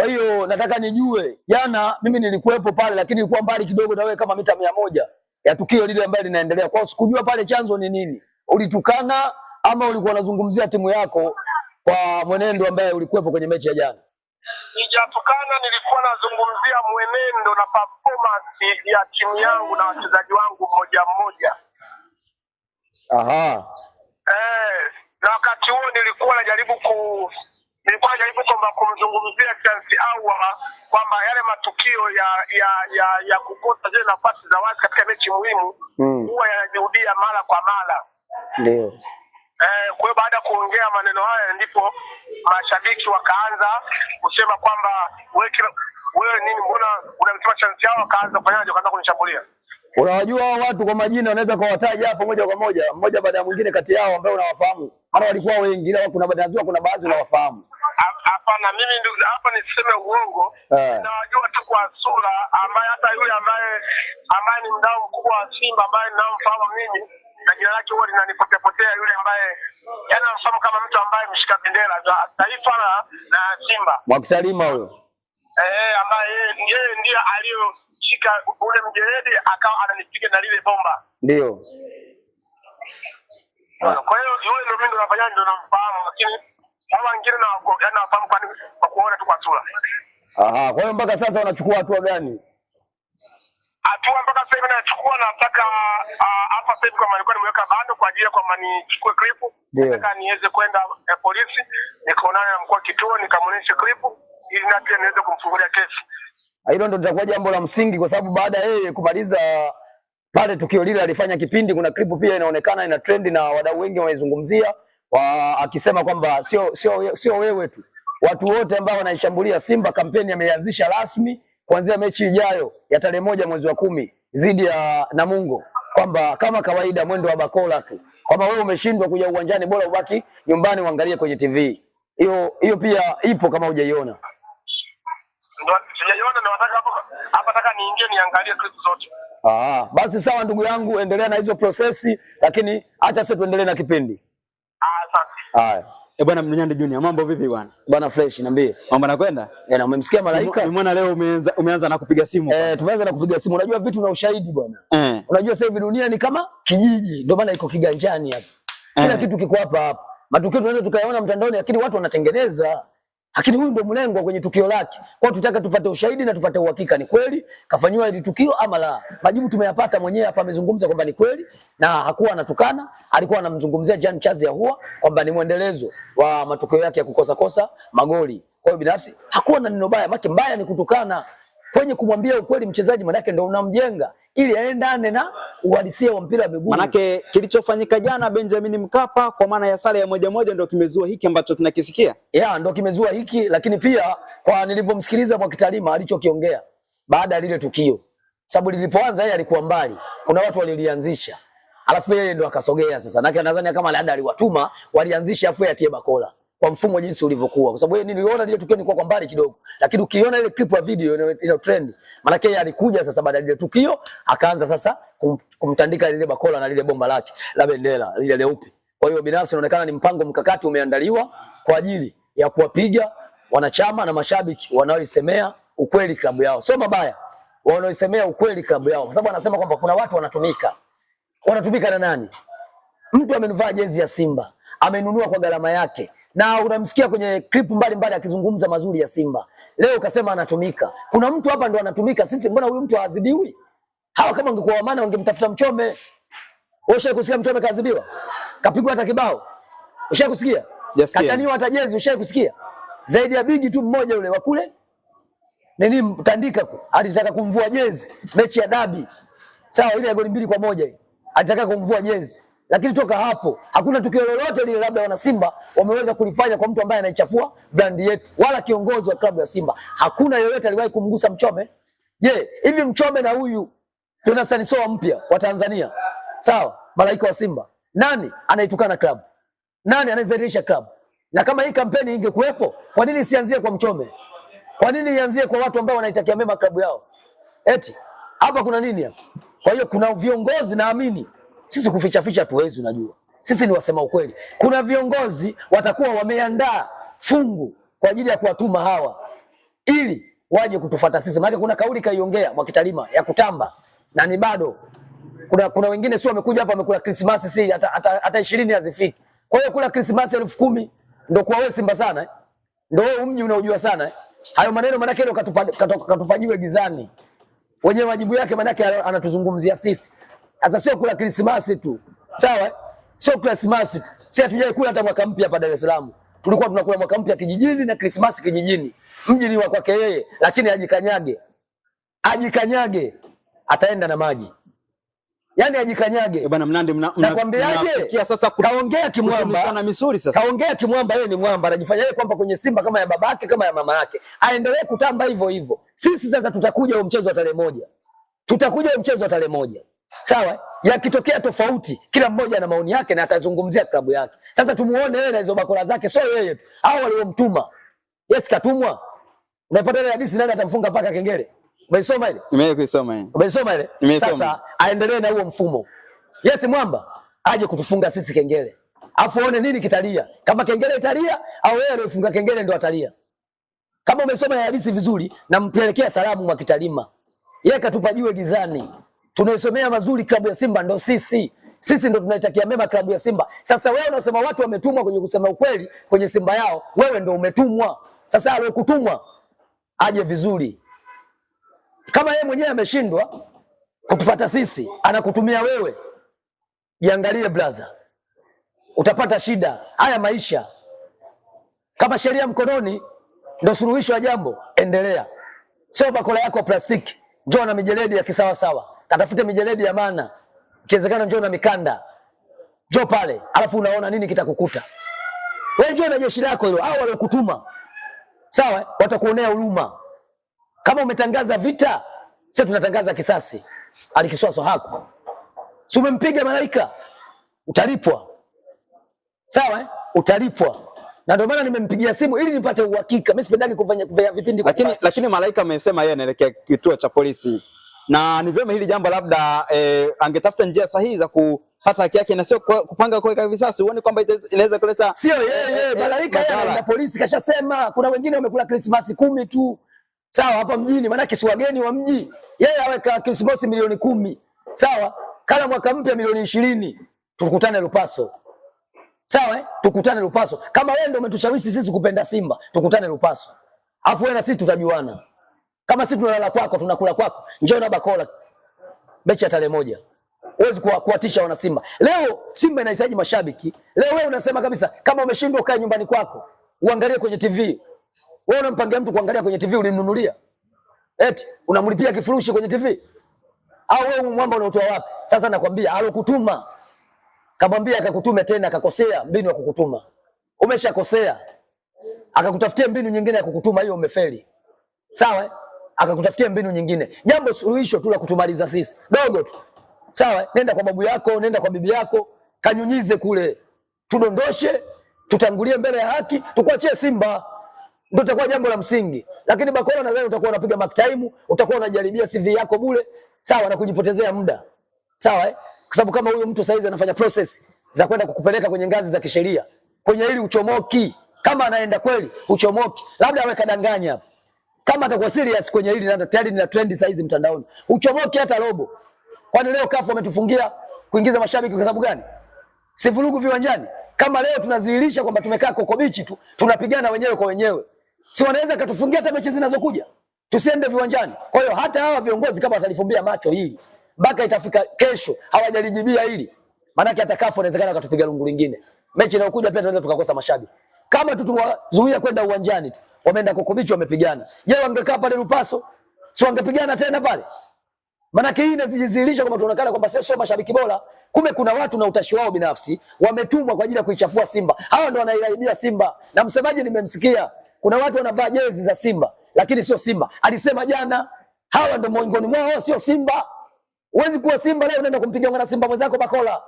Kwa hiyo nataka nijue, jana mimi nilikuwepo pale, lakini ilikuwa mbali kidogo na wewe kama mita mia moja ya tukio lile ambalo linaendelea. Kwa sikujua pale chanzo ni nini, ulitukana ama ulikuwa unazungumzia timu yako kwa mwenendo ambaye ulikuwepo kwenye mechi ya jana? nijatukana nilikuwa nazungumzia mwenendo na performance ya timu yangu na wachezaji wangu mmoja mmoja. Aha. Eh, na wakati huo nilikuwa najaribu ku nilikuwa najaribu kwamba kumzungumzia chansi awa kwamba yale matukio ya ya ya, ya kukosa zile nafasi za wazi katika mechi muhimu mm. huwa mm. yanajirudia mara kwa mara ndio. Eh, kwa hiyo baada ya kuongea maneno haya ndipo mashabiki wakaanza kusema kwamba wewe nini, mbona unamsema chansi yao Wakaanza kufanyaje? Wakaanza kunishambulia Unawajua hao watu kwa majina, unaweza kuwataja hapo moja kwa moja, mmoja baada ya mwingine kati yao ambao unawafahamu. Mara walikuwa wengi, ila kuna baadhi ya kuna baadhi unawafahamu. Hapana, mimi ndio hapa niseme uongo. Eh. Ninawajua tu kwa sura, ambaye hata yule ambaye ambaye ni mdau mkubwa wa Simba ambaye ninamfahamu mimi na jina lake huwa linanipotepotea yule ambaye yani namfahamu kama mtu ambaye mshika bendera za taifa na Simba, Mwakisalima huyo eh, ambaye yeye ndiye aliyo akamshika ule mjeledi akawa ananipiga na lile bomba. Ndio. Kwa hiyo yule ndio mimi nafanya ndio namfahamu, lakini hawa wengine na yani nafahamu kwani kwa kuona tu kwa sura. Aha, kwa hiyo mpaka sasa wanachukua hatua gani? Hatua mpaka sasa hivi nachukua na mpaka ah, hapa sasa hivi kwamba nilikuwa nimeweka bando kwa ajili ya kwa kwamba nichukue clip, nataka niweze kwenda eh, polisi nikaonana na mkuu kituo nikamwonyesha clip ili na pia niweze kumfungulia kesi. Ah, hilo ndo litakuwa jambo la msingi, kwa sababu baada ya yeye kumaliza pale tukio lile, alifanya kipindi, kuna klipu pia inaonekana ina trend na wadau wengi wameizungumzia wa, akisema kwamba sio sio sio wewe tu, watu wote ambao wanaishambulia Simba, kampeni ameianzisha rasmi kuanzia mechi ijayo ya tarehe moja mwezi wa kumi dhidi ya Namungo, kwamba kama kawaida mwendo wa bakola tu, kwamba wewe umeshindwa kuja uwanjani, bora ubaki nyumbani uangalie kwenye TV. Hiyo hiyo pia ipo kama hujaiona sijaiona nawataka hapa hapa, nataka niingie niangalie clip zote. Ah, basi sawa ndugu yangu, endelea na hizo prosesi, lakini acha sasa tuendelee na kipindi. Ah, asante. Haya. Eh, bwana Mnyande Junior, mambo vipi bwana? Bwana fresh, niambie. Mambo yanakwenda? Eh, na umemsikia malaika? Nimeona leo umeanza umeanza na kupiga simu. Eh, tumeanza na kupiga simu. Unajua vitu na ushahidi bwana. Eh. Unajua sasa hivi dunia ni kama kijiji, ndio maana iko kiganjani hapa. Kila eh, kitu kiko hapa hapa. Matukio tunaweza tukayaona mtandaoni, lakini watu wanatengeneza lakini huyu ndio mlengwa kwenye tukio lake. Kwa tutaka tupate ushahidi na tupate uhakika ni kweli kafanywa ile tukio ama la. Majibu tumeyapata mwenyewe hapa, amezungumza kwamba ni kweli na hakuwa anatukana, alikuwa anamzungumzia Jean Charles Ahoua kwamba ni mwendelezo wa matukio yake ya kukosa kosa magoli. Kwa hiyo binafsi hakuwa na neno baya, maki mbaya ni kutukana. Kwenye kumwambia ukweli mchezaji, maana yake ndio unamjenga ili aendane na uhalisia wa mpira wa miguu. Manake kilichofanyika jana Benjamin Mkapa kwa maana ya sare ya moja moja ndio kimezua hiki ambacho tunakisikia. Yeah, ndio kimezua hiki, lakini pia kwa nilivyomsikiliza kwa kitalima alichokiongea baada ya lile tukio, sababu lilipoanza yeye alikuwa mbali, kuna watu walilianzisha, alafu yeye ndo akasogea sasa, nake nadhani kama labda aliwatuma walianzisha, afu Tie bakola kwa mfumo jinsi ulivyokuwa, kwa sababu yeye niliona ile tukio nilikuwa kwa mbali kidogo, lakini ukiona ile clip ya video ina trend, maana yake alikuja sasa baada ya lile tukio akaanza sasa kum, kumtandika lile bakola na lile bomba lake la bendera lile leupe. Kwa hiyo binafsi inaonekana ni mpango mkakati umeandaliwa kwa ajili ya kuwapiga wanachama na mashabiki wanaoisemea ukweli klabu yao, sio mabaya, wanaoisemea ukweli klabu yao, kwa sababu anasema kwamba kuna watu wanatumika. Wanatumika na nani? Mtu amenivaa jezi ya Simba, amenunua kwa gharama yake na unamsikia kwenye klipu mbalimbali akizungumza mazuri ya Simba. Leo ukasema anatumika. Kuna mtu hapa ndo anatumika sisi, mbona huyu mtu haadhibiwi? Hawa kama wangekuwa wamana wangemtafuta Mchome. Ushawahi kusikia Mchome kaadhibiwa? Kapigwa hata kibao. Ushawahi kusikia? Sijasikia. Kataniwa hata jezi, ushawahi kusikia? Zaidi ya bigi tu mmoja yule wa kule. Nini mtandika ku? Alitaka kumvua jezi mechi ya dabi. Sawa, ile ya goli mbili kwa moja hii. Alitaka kumvua jezi. Lakini toka hapo hakuna tukio lolote lile labda wana Simba wameweza kulifanya kwa mtu ambaye anaichafua brandi yetu, wala kiongozi wa klabu ya Simba hakuna yoyote aliwahi kumgusa Mchome. Je, yeah, hivi Mchome na huyu Jonathan Soa mpya wa Tanzania, sawa, malaika wa Simba, nani anaitukana klabu? Nani anaizalisha klabu? Na kama hii kampeni ingekuwepo, kwa nini isianzie kwa Mchome? Kwa nini ianzie kwa watu ambao wanaitakia mema klabu yao? Eti hapa kuna nini hapa? Kwa hiyo kuna viongozi naamini sisi kuficha ficha tuwezi, unajua sisi ni wasema ukweli. Kuna viongozi watakuwa wameandaa fungu kwa ajili ya kuwatuma hawa ili waje kutufuata sisi, maana kuna kauli kaiongea Mwakitalima ya kutamba na ni bado kuna, kuna wengine sio wamekuja hapa wamekula Krismasi si hata, hata, hata ishirini hazifiki. Kwa hiyo kula Krismasi elfu kumi ndo kwa wewe Simba sana eh? Ndo wewe mji unaojua sana eh? Hayo maneno manake ndo katupa, katupa, katupajiwe gizani wenye majibu yake manake anatuzungumzia sisi. Sasa sio kula Krismasi tu, sawa? Sio Krismasi tu, sisi hatujai kula hata mwaka mpya hapa Dar es Salaam. Tulikuwa tunakula mwaka mpya kijijini na Krismasi kijijini, mji ni wa kwake yeye, lakini ajikanyage, ajikanyage, ataenda na maji Yaani ajikanyage. Eh, bwana Mnandi mnakwambiaje? mna, Kia sasa kaongea kimwamba. Na misuri sasa. Kaongea kimwamba yeye ni mwamba, anajifanya yeye kwamba kwenye Simba kama ya babake kama ya mama yake. Aendelee kutamba hivyo hivyo. Sisi sasa tutakuja huo mchezo wa tarehe moja. Tutakuja huo mchezo wa tarehe moja sawa. Yakitokea tofauti, kila mmoja ana maoni yake na atazungumzia klabu yake. Sasa tumuone yeye na hizo bakora zake, sio yeye tu, hao waliomtuma. Yes, katumwa. Unapata ile hadithi, nani atamfunga paka kengele? Umeisoma ile? Nimeisoma ile. Umeisoma ile? Sasa aendelee na huo mfumo. Yes, mwamba aje kutufunga sisi kengele, afu aone nini kitalia, kama kengele italia au yeye aliyofunga kengele ndo atalia. Kama umesoma hadithi vizuri, nampelekea salamu Mwakitalima, yeye katupa jiwe gizani tunaisomea mazuri klabu ya Simba ndo sisi sisi ndo tunaitakia mema klabu ya Simba. Sasa wewe unasema watu wametumwa kwenye kusema ukweli kwenye Simba yao, wewe ndo umetumwa. Sasa aliyekutumwa aje vizuri. Kama yeye mwenyewe ameshindwa kutupata sisi, anakutumia wewe, jiangalie brother, utapata shida. Haya maisha kama sheria mkononi ndo suluhisho ya jambo, endelea, sio bakola yako plastiki, njoo na mijeledi ya kisawasawa katafute mijeledi ya maana, ikiwezekana njoo na mikanda, njoo pale, alafu unaona nini kitakukuta wewe. Njoo na jeshi lako hilo, au waliokutuma sawa, watakuonea huruma. Kama umetangaza vita, sisi tunatangaza kisasi. Alikiswaso hako si umempiga malaika, utalipwa sawa, eh? utalipwa na ndio maana nimempigia simu ili nipate uhakika. Mimi sipendagi kufanya vipindi, lakini, lakini malaika amesema yeye anaelekea kituo cha polisi na ni vyema hili jambo labda eh, angetafuta njia sahihi za ku hata haki yake na sio kupanga kuweka visasi. Uone kwamba inaweza kuleta sio yeye ye, eh, eh, malaika yeye na polisi kashasema. Kuna wengine wamekula Christmas kumi tu, sawa, hapa mjini, maana kesi wageni wa mji. Yeye aweka Christmas milioni kumi, sawa, kala mwaka mpya milioni ishirini. Tukutane Lupaso, sawa eh? Tukutane Lupaso. Kama wewe ndio umetushawishi sisi kupenda Simba, tukutane Lupaso, afu wewe na sisi tutajuana. Kama sisi tunalala kwako, tunakula kwako, njoo na bakola. Mechi ya tarehe moja. Huwezi kuwatisha wana Simba. Leo Simba inahitaji mashabiki. Leo wewe unasema kabisa kama umeshindwa ukae nyumbani kwako, uangalie kwenye TV. Wewe unampangia mtu kuangalia kwenye TV ulimnunulia. Eti unamlipia kifurushi kwenye TV? Au wewe mwamba unaotoa wapi? Sasa nakwambia alokutuma. Kamwambia akakutume tena akakosea mbinu ya kukutuma. Umeshakosea. Akakutafutia mbinu nyingine ya kukutuma hiyo umefeli. Sawa? Eh? akakutafutia mbinu nyingine, jambo suluhisho tu la kutumaliza sisi, dogo tu. Sawa, nenda kwa babu yako, nenda kwa bibi yako, kanyunyize kule, tudondoshe, tutangulie mbele ya haki, tukuachie Simba, ndio itakuwa jambo la msingi. Lakini bakora, nadhani utakuwa unapiga maktaimu, utakuwa unajaribia CV yako bure, sawa, na kujipotezea muda, sawa eh? Kwa sababu kama huyo mtu saizi anafanya process za kwenda kukupeleka kwenye ngazi za kisheria, kwenye hili uchomoki. Kama anaenda kweli, uchomoki, labda awe kadanganya kama atakuwa serious kwenye hili ndio tayari nina trend sasa hizi mtandaoni. Uchomoke hata robo. Kwani leo kafu wametufungia kuingiza mashabiki kwa sababu gani? Si vurugu viwanjani. Kama leo tunadhihirisha kwamba tumekaa koko bichi tu, tunapigana wenyewe kwa wenyewe. Si wanaweza katufungia hata mechi zinazokuja. Tusiende viwanjani. Kwa hiyo hata hawa viongozi kama watalifumbia macho hili, mpaka itafika kesho hawajalijibia hili. Maana hata kafu inawezekana katupiga lungu lingine. Mechi inayokuja pia tunaweza tukakosa mashabiki. Kama tu tuwazuia kwenda uwanjani tu, wameenda Kokobichi wamepigana. Je, wangekaa pale Lupaso si wangepigana tena pale? Maanake hii inazijizilisha kwamba tunaonekana kwamba sio mashabiki bora, kumbe kuna watu na utashi wao binafsi wametumwa kwa ajili ya kuichafua Simba. Hawa ndio wanaiharibia Simba, na msemaji nimemsikia, kuna watu wanavaa jezi za Simba lakini sio Simba. Alisema jana, hawa ndio miongoni mwao, sio Simba. Huwezi kuwa Simba leo unaenda kumpiga mwana Simba mwenzako Bakola.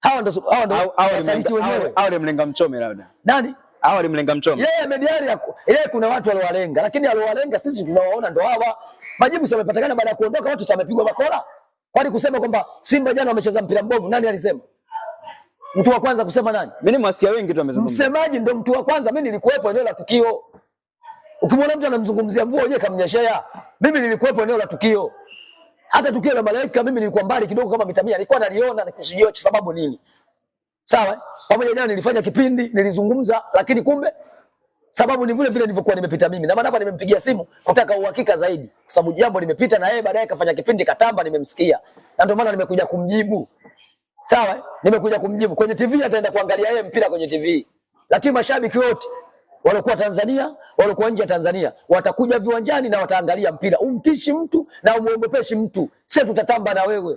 Hawa ndio hawa ndio wasaliti wenyewe. Hawa ni mlenga mchome labda. Nani? Hawa alimlenga Mchome. Yeye yeah, Mediari yako. Yeye yeah, kuna watu waliowalenga, lakini aliowalenga sisi tunawaona ndo hawa. Majibu sio yamepatikana baada ya kuondoka watu sio amepigwa makora, Kwani kusema kwamba Simba jana wamecheza mpira mbovu, nani alisema? Mtu wa kwanza kusema nani? Mimi nimewasikia wengi tu wamezungumza. Msemaji ndo mtu wa kwanza, mimi nilikuwepo eneo la tukio. Ukimwona mtu anamzungumzia mvua yeye kamnyeshea. Mimi nilikuwepo eneo la tukio. Hata tukio la malaika mimi nilikuwa mbali kidogo kama mita 100, nilikuwa naliona na kusijua sababu nini. Sawa? Pamoja jana nilifanya kipindi, nilizungumza lakini kumbe sababu ni vile vile nilivyokuwa nimepita mimi. Na maana hapa nimempigia simu kutaka uhakika zaidi kwa sababu jambo limepita na yeye baadaye kafanya kipindi katamba nimemsikia. Na ndio maana nimekuja kumjibu. Sawa? Nimekuja kumjibu. Kwenye TV ataenda kuangalia yeye mpira kwenye TV. Lakini mashabiki wote walikuwa Tanzania, walikuwa nje ya Tanzania, watakuja viwanjani na wataangalia mpira. Umtishi mtu na umuongopeshi mtu. Sisi tutatamba na wewe.